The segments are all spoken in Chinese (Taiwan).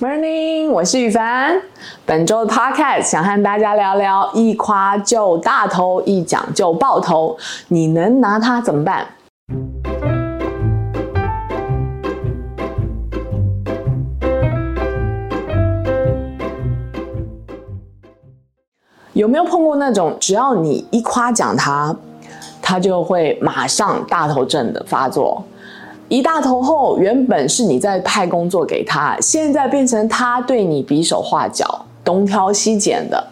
Morning，我是宇凡。本週的 podcast 想和大家聊聊：一誇就大頭，一講就爆頭，你能拿他怎麼辦？有沒有碰過那種，只要你一誇獎他，他就會馬上大頭症的發作？一大頭後，原本是你在派工作給他，現在變成他對你比手畫腳、東挑西揀的，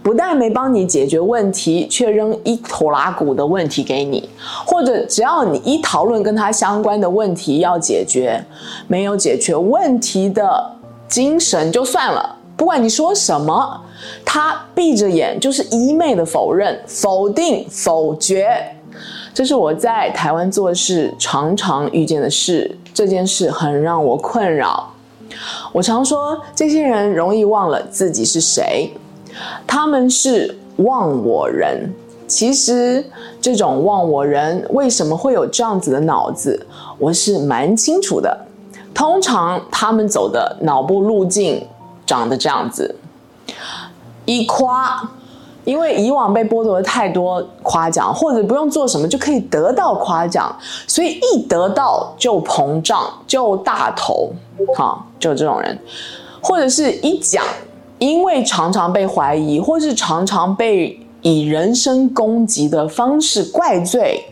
不但沒幫你解決問題，卻扔一拖拉庫的問題給你；或者只要你一討論跟他相關的問題要解決，沒有解決問題的精神就算了，不管你說什麼，他閉着眼就是一味的否認、否定、否決。這是我在台灣做事常常遇見的事，這件事很讓我困擾。我常說，這些人容易忘了自己是誰，他們是忘我人。其實，這種忘我人為什麼會有這樣子的腦子，我是蠻清楚的。通常，他們走的腦部路徑長得這樣子，一誇。因為以往被剝奪了太多誇獎，或者不用做什麼就可以得到誇獎，所以一得到就膨脹，就大頭，哈、啊，就這種人；或者是一講，因為常常被懷疑，或是常常被以人身攻擊的方式怪罪，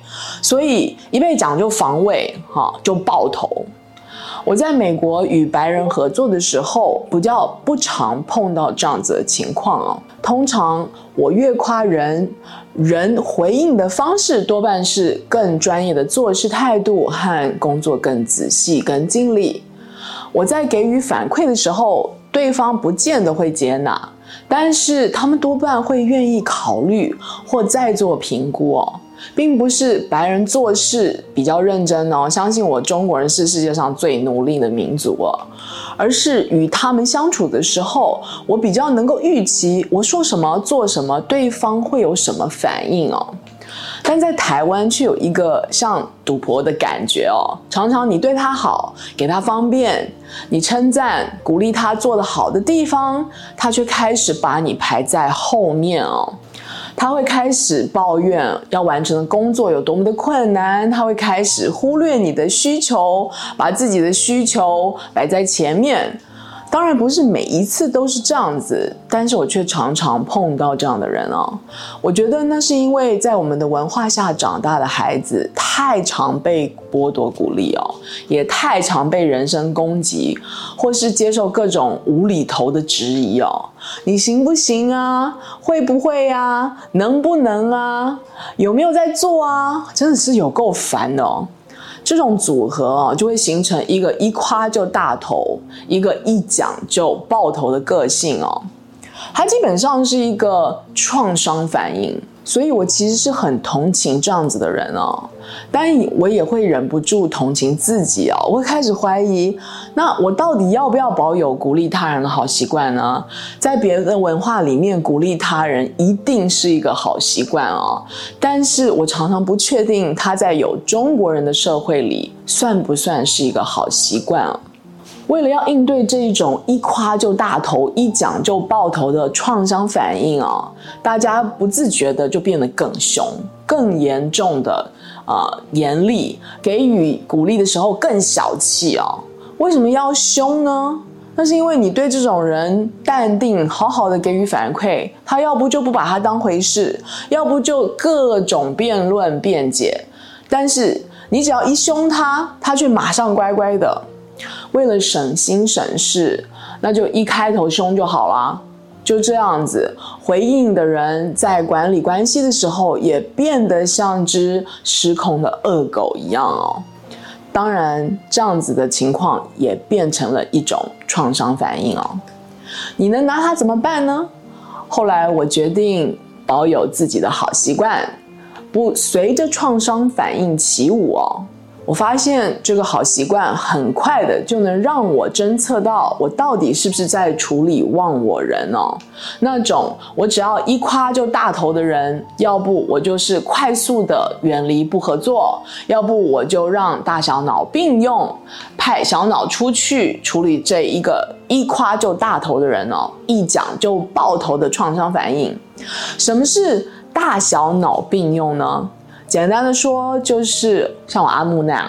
所以一被講就防衛，哈、啊，就爆頭。我在美國與白人合作的時候，比較不常碰到這樣子的情況哦。通常我越誇人，人回應的方式多半是更專業的做事態度和工作更仔細、更盡力。我在給予反饋的時候，對方不見得會接納，但是他們多半會願意考慮或再做評估哦。並不是白人做事比較認真哦，相信我，中國人是世界上最努力的民族哦，而是與他們相處的時候，我比較能夠預期我說什麼做什麼，對方會有什麼反應哦。但在台灣卻有一個像賭博的感覺哦，常常你對他好，給他方便，你稱讚鼓勵他做得好的地方，他卻開始把你排在後面哦。他會開始抱怨要完成的工作有多麼的困難，他會開始忽略你的需求，把自己的需求擺在前面。當然不是每一次都是這樣子，但是我卻常常碰到這樣的人哦，我覺得那是因為在我們的文化下長大的孩子太常被剝奪鼓勵哦，也太常被人身攻擊，或是接受各種無厘頭的質疑哦。你行不行啊？會不會啊？能不能啊？有沒有在做啊？真的是有夠煩的哦！這種組合哦，就會形成一個一誇就大頭，一個一講就爆頭的個性哦，它基本上是一個創傷反應。所以，我其實是很同情這樣子的人哦，但我也會忍不住同情自己哦。我會開始懷疑，那我到底要不要保有鼓勵他人的好習慣呢？在別的文化裡面，鼓勵他人一定是一個好習慣哦，但是我常常不確定他在有中國人的社會裡算不算是一個好習慣。為了要應對這一種一誇就大頭、一講就爆頭的創傷反應啊、哦，大家不自覺的就變得更兇、更嚴重的啊、呃，嚴厲給予鼓勵的時候更小氣啊、哦。為什麼要兇呢？那是因為你對這種人淡定、好好的給予反饋，他要不就不把他當回事，要不就各種辯論辯解。但是你只要一兇他，他卻馬上乖乖的。為了省心省事，那就一開頭凶就好了，就這樣子回應的人，在管理關係的時候，也變得像只失控的惡狗一樣哦。當然，這樣子的情況也變成了一種創傷反應哦。你能拿他怎麼辦呢？後來我決定保有自己的好習慣，不隨着創傷反應起舞哦。我發現這個好習慣，很快的就能讓我偵測到我到底是不是在處理忘我人呢、哦？那種我只要一誇就大頭的人，要不我就是快速的遠離不合作，要不我就讓大小腦並用，派小腦出去處理這一個一誇就大頭的人呢、哦，一講就爆頭的創傷反應。什麼是大小腦並用呢？簡單的說，就是像我阿木那樣，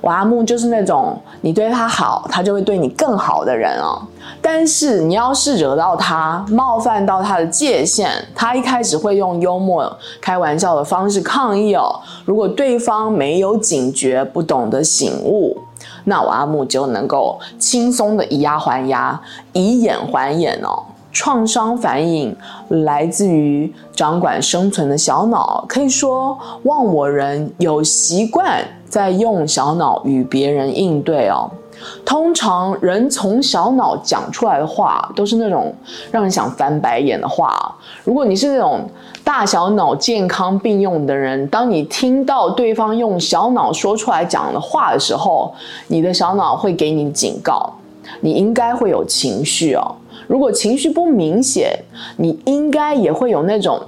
我阿木就是那種你對他好，他就會對你更好的人哦。但是你要是惹到他，冒犯到他的界限，他一開始會用幽默開玩笑的方式抗議哦。如果對方沒有警覺，不懂得醒悟，那我阿木就能夠輕鬆地以牙還牙，以眼還眼哦。創傷反應來自於掌管生存的小腦，可以說忘我人有習慣在用小腦與別人應對哦。通常人從小腦講出來的話都是那種讓人想翻白眼的話。如果你是那種大小腦健康並用的人，當你聽到對方用小腦說出來講的話的時候，你的小腦會給你警告，你應該會有情緒哦。如果情緒不明顯，你應該也會有那種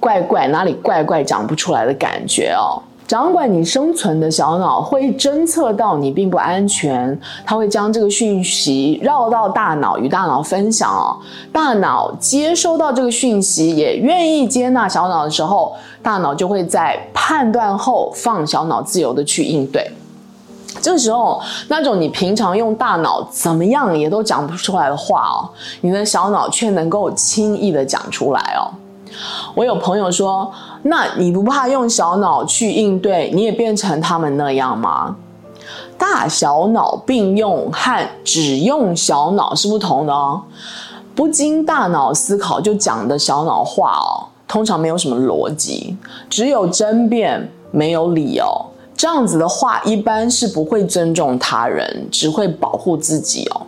怪怪，哪裡怪怪講不出來的感覺哦。掌管你生存的小腦會偵測到你並不安全，它會將這個訊息繞到大腦與大腦分享哦。大腦接收到這個訊息，也願意接納小腦的時候，大腦就會在判斷後放小腦自由的去應對。這時候，那種你平常用大腦怎麼樣也都講不出來的話哦，你的小腦卻能夠輕易地講出來哦。我有朋友說，那你不怕用小腦去應對，你也變成他們那樣嗎？大小腦並用和只用小腦是不同的哦。不經大腦思考就講的小腦話哦，通常沒有什麼邏輯，只有爭辯，沒有理由。這樣子的話，一般是不會尊重他人，只會保護自己哦。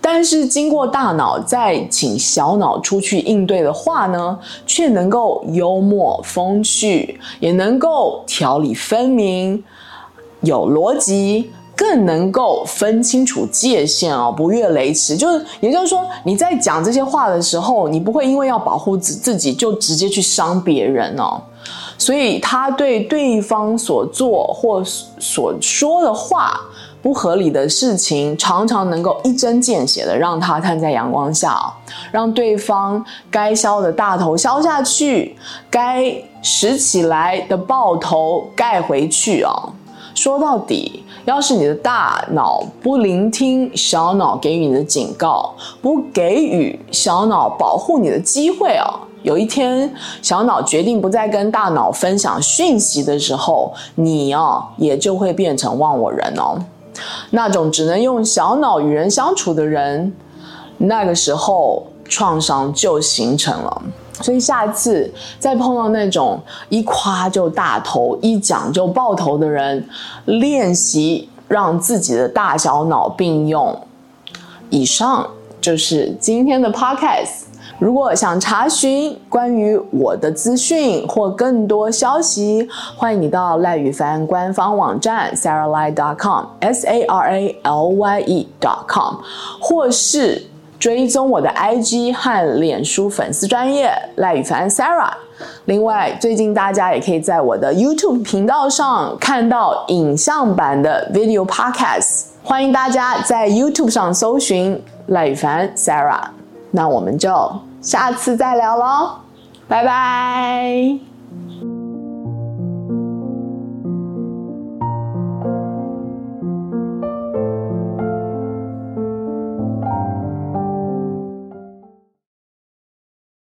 但是經過大腦再請小腦出去應對的話呢，卻能夠幽默風趣，也能夠條理分明，有邏輯。更能夠分清楚界限哦，不越雷池。就是，也就是說，你在講這些話的時候，你不會因為要保護自自己，就直接去傷別人哦。所以，他對對方所做或所說的話不合理的事情，常常能夠一針見血地讓他攤在陽光下哦，讓對方該削的大頭削下去，該拾起來的爆頭蓋回去哦。說到底，要是你的大腦不聆聽小腦給予你的警告，不給予小腦保護你的機會哦、啊，有一天小腦決定不再跟大腦分享訊息的時候，你哦、啊，也就會變成忘我人哦，那種只能用小腦與人相處的人，那個時候創傷就形成了。所以下次再碰到那種一誇就大頭、一講就爆頭的人，練習讓自己的大小腦並用。以上就是今天的 podcast。如果想查詢關於我的資訊或更多消息，歡迎你到賴宇凡官方網站 saralye.com, s a r a l y e dot com 或是，追蹤我的 IG 和臉書粉絲專業賴宇凡 Sarah。另外，最近大家也可以在我的 YouTube 頻道上看到影像版的 Video Podcast。歡迎大家在 YouTube 上搜尋賴宇凡 Sarah。那我們就下次再聊嘍，拜拜。